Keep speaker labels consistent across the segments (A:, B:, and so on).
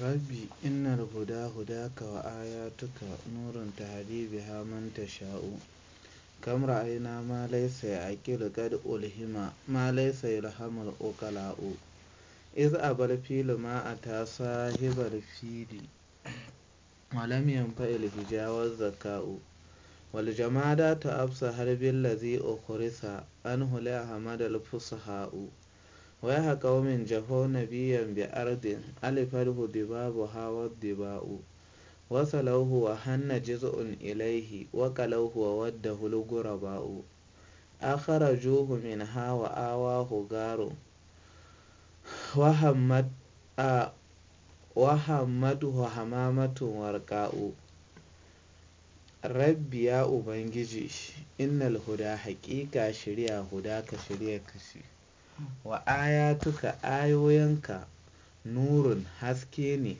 A: Rabbi innar huda hudaka wa ayatuka nurun tahdi biha man tasha'u kam ra'ayna ma laysa ya'qilu qad ulhima ma laysa yulhamul uqala'u iz abal fil ma ata sahibal fili wa lam il hijawaz zaka'u wal jamadatu absa bil ladhi ukhrisa anhu la hamadal fusaha'u Wai a kaumin Jafan na biyan bi'a ɗin Ali falgo da ba hawan da ba? Watsa lauhu Hanna jizu ilaihi wa kalaahu wa wadda hulugura ba? A kara juhu min hawa a wahu garon. Wahammaɗu Hama mutum warka u. Rabbi ya uban giji, in hakika shiri a hudu shirya kashi. wa ayatuka ayoyinka nurun haske ne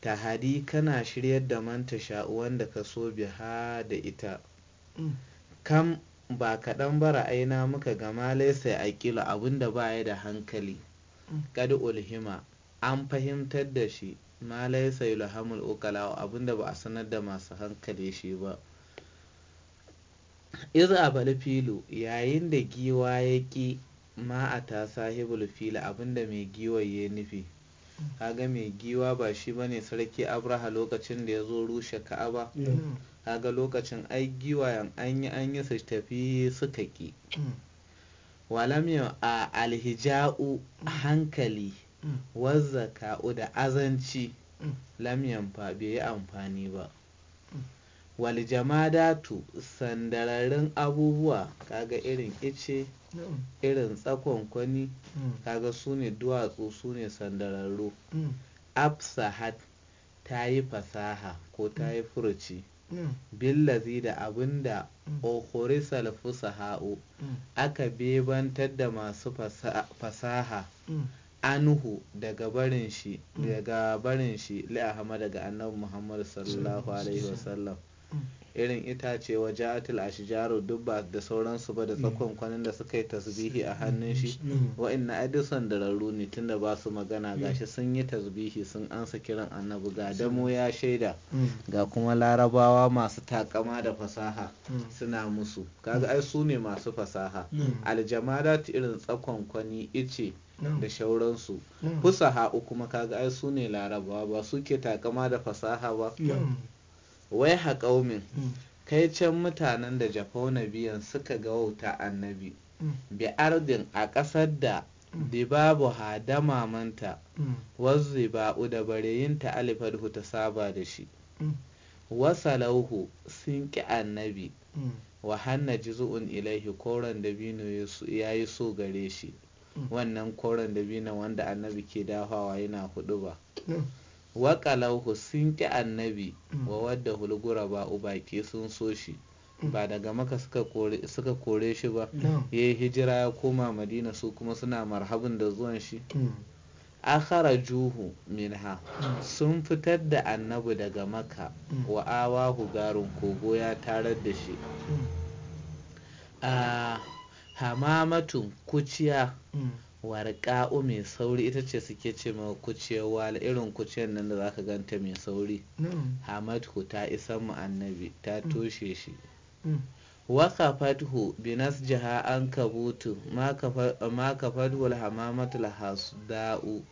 A: ta hadi kana shiryar da manta sha'uwan da ka so biha da ita mm. kam ba kaɗan bara aina muka gama laisa a ƙila abin ba ya da hankali mm. kad ulhima an fahimtar da shi ma laisa yulhamul ukala abin da ba a sanar da masu hankali shi ba iz abal yayin da giwa ya ƙi ma'ata sahibul fila abinda mai giwa giwaye nufi kaga mai giwa ba shi bane sarki abraha lokacin da ya zo rushe ka'aba kaga lokacin ai giwayen an yi an yi su tafi suka ki walam yau a alhija'u hankali mm. wazzaka'u da azanci mm. lamyan fa bai yi amfani ba wal jamadatu sandararin abubuwa kaga irin ice irin tsakon kwani mm. kaga su ne duwatsu su ne sandararru mm. absahat ta yi fasaha ko mm. ta yi furuci billazi da abinda okhorisal fusaha'u aka bebantar da masu fasaha anhu daga barin shi daga barin shi daga annabi muhammadu sallallahu alaihi wasallam irin itace wa ja'atul ashjaru dubba da sauransu ba da mm. tsakon kwanin da suka yi tasbihi a hannun shi mm. mm. wa'annan adisan da rarru ne tunda ba su magana shi? sun yi tasbihi sun ansa kiran annabi ga damo ya shaida ga kuma larabawa masu takama da fasaha suna musu kaga ai su ne masu fasaha aljamadat irin tsakon kwani ice da shauransu fusaha kuma kaga ai su ne larabawa ba suke takama da fasaha ba wai haƙaumin mm. kai can mutanen da jafauna biyan suka ga wauta annabi mm. bi ardin a ƙasar da mm. dibabu ha da mamanta ba'u da bareyinta alifar ta saba da shi wasalauhu sun ƙi annabi wa hanna jizu'un ilaihi koren dabino ya yi so gare shi wannan koren dabino wanda annabi ke dafawa yana hudu ba waƙalauhu sun ƙi annabi mm. wa wadda hulgura ba ubaki sun so shi mm. ba daga maka suka kore shi ba ya yi hijira ya koma madina su kuma suna marhabin da zuwan shi mm. akhara juhu minha sun fitar da annabi daga maka wa awahu garin kogo ya tarar da shi a ah, hamamatun kuciya warƙa'u mai sauri ita ce suke ce ma kuciyar wala irin kuciyar nan da za ka ganta mai sauri mm. hamadhu ta isan mu annabi ta mm. toshe shi mm. waka fatihu binas jiha an kabutu ma ka fatihu hamamatul hasda'u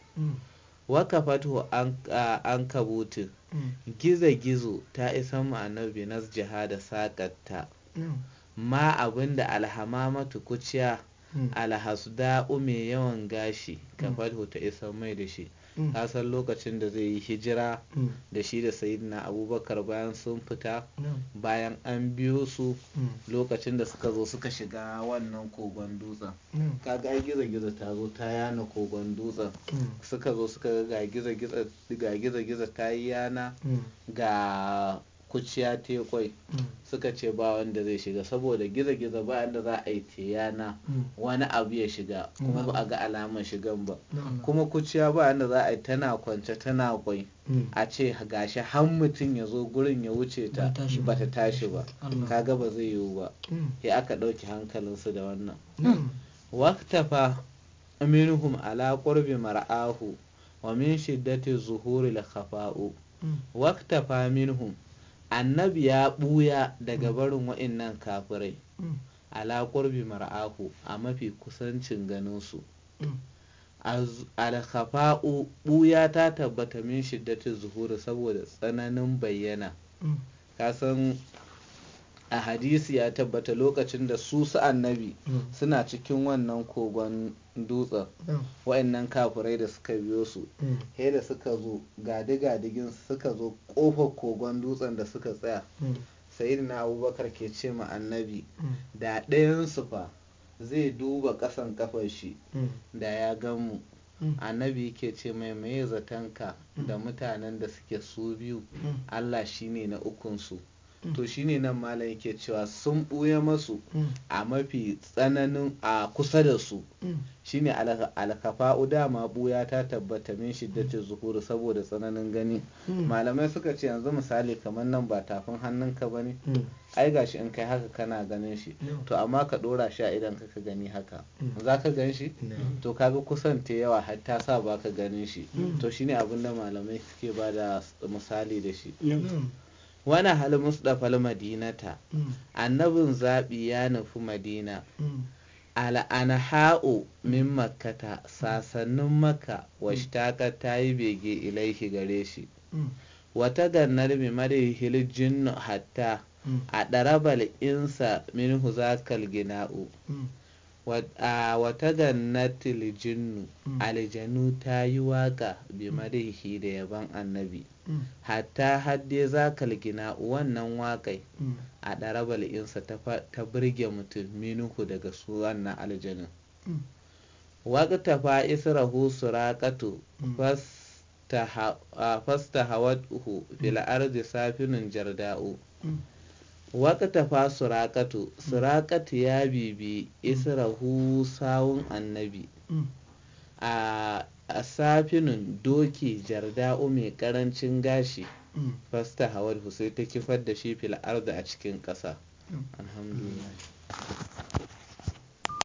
A: waka fatihu an kabutu gizo-gizo ta isan mu annabi binas jiha da sakatta ma abinda alhamamatu kuciya Mm. da ume yawan gashi kafalhu mm. ta isa mai da shi mm. kasan lokacin da zai yi hijira da shi da sayidina abubakar bayan sun fita bayan an biyo su lokacin da suka zo suka shiga wannan kogon dutsen kaga ai gizo-gizo ta zo ta yana kogon dutsen suka zo suka ga gizo-gizo ta yi yana ga kuciya te kwai mm. suka ce ba wanda zai shiga saboda gizo-gizo ba yadda za a yi tiyana mm. wani abu ya shiga kuma ba a ga alamar shigan ba kuma kuciya ba yadda za a yi tana kwance tana kwai mm. a ce gashi har mutum ya zo gurin ya wuce ta ba ta tashi ba kaga ba zai yiwu ba ya aka ɗauki hankalinsu da wannan waktafa minhum ala qurbi mar'ahu wa min shiddati zuhuri al khafa'u waktafa minhum annabi ya buya daga barin waɗannan kafirai ala qurbi mar'ahu a mafi kusancin ganin su alkhafa'u buya ta tabbata min shiddatun zuhuri saboda tsananin bayyana mm. kasan a hadisi ya tabbata lokacin da su su annabi mm. suna cikin wannan kogon dutsen mm. wa'annan kafirai da suka biyo su mm. he da suka zo gadi-gadigin suka zo kofar kogon dutsen da suka tsaya sai na abubakar ke ce ma annabi da ɗayansu fa zai duba ƙasan kafar shi da ya gan mu annabi ke ce mai mai zatanka da mutanen da suke su biyu allah shine na ukunsu to mm. shine nan malam yake cewa sun buya masu mm. a mafi tsananin a kusa da su mm. shine uda ma buya ta tabbata min shiddatin zuhuru saboda tsananin gani malamai suka ce yanzu misali kamar nan ba tafin hannunka ba ne ai gashi in kai haka kana ganin shi to amma ka ɗora shi a idan ka gani haka za ka gan shi to kaga kusan ta yawa har ta sa ba ka ganin shi to shine abin da malamai suke ba da misali da shi wani hal mustafal madinata mm. annabin zaɓi ya nufi madina mm. al'anha'u min makkata sasannin makka mm. takar ta yi bege ilaihi gare shi wata gannar mai mara hiljin hatta a ɗarabal insa min huzakal gina'u a wata gannatil mm. aljanu ta yi waka bi mm. madihi da yaban annabi mm. hatta hadde za ka gina wannan wakai a ɗarabar insa ta birge mutum minuku daga su wannan aljanin ta fa israhu suraqatu fasta uku fil ardi safinun jarda'u waƙatafa suraƙatu mm. suraƙatu ya bibi mm. israhu sawun annabi mm. a safinun doki jarda mai ƙarancin gashi fasta hawar sai ta kifar da shi fil a cikin ƙasa alhamdulillah